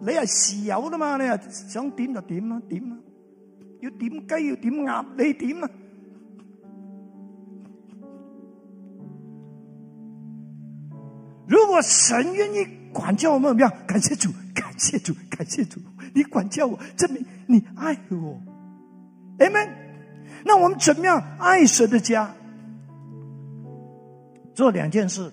你係是有的嘛？你係想點就點啦，啊，點啦、啊！要點雞要點鴨，你點啊！如果神願意管教我們，怎麼樣？感謝主，感謝主，感謝主！你管教我，證明你愛我。阿門。那我們怎麼樣愛神的家？做兩件事。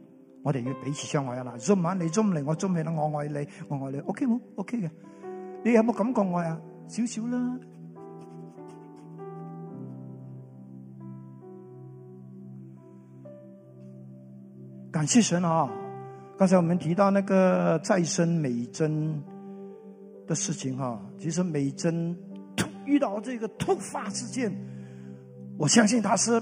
我哋要彼此相愛啊！嗱，今晚你中唔嚟，我中唔嚟啦。我愛你，我愛你。OK 冇，OK 嘅。你有冇感覺愛啊？少少啦。感謝神啊！剛才我們提到那個再生美珍的事情啊，其實美珍遇到這個突發事件，我相信他是。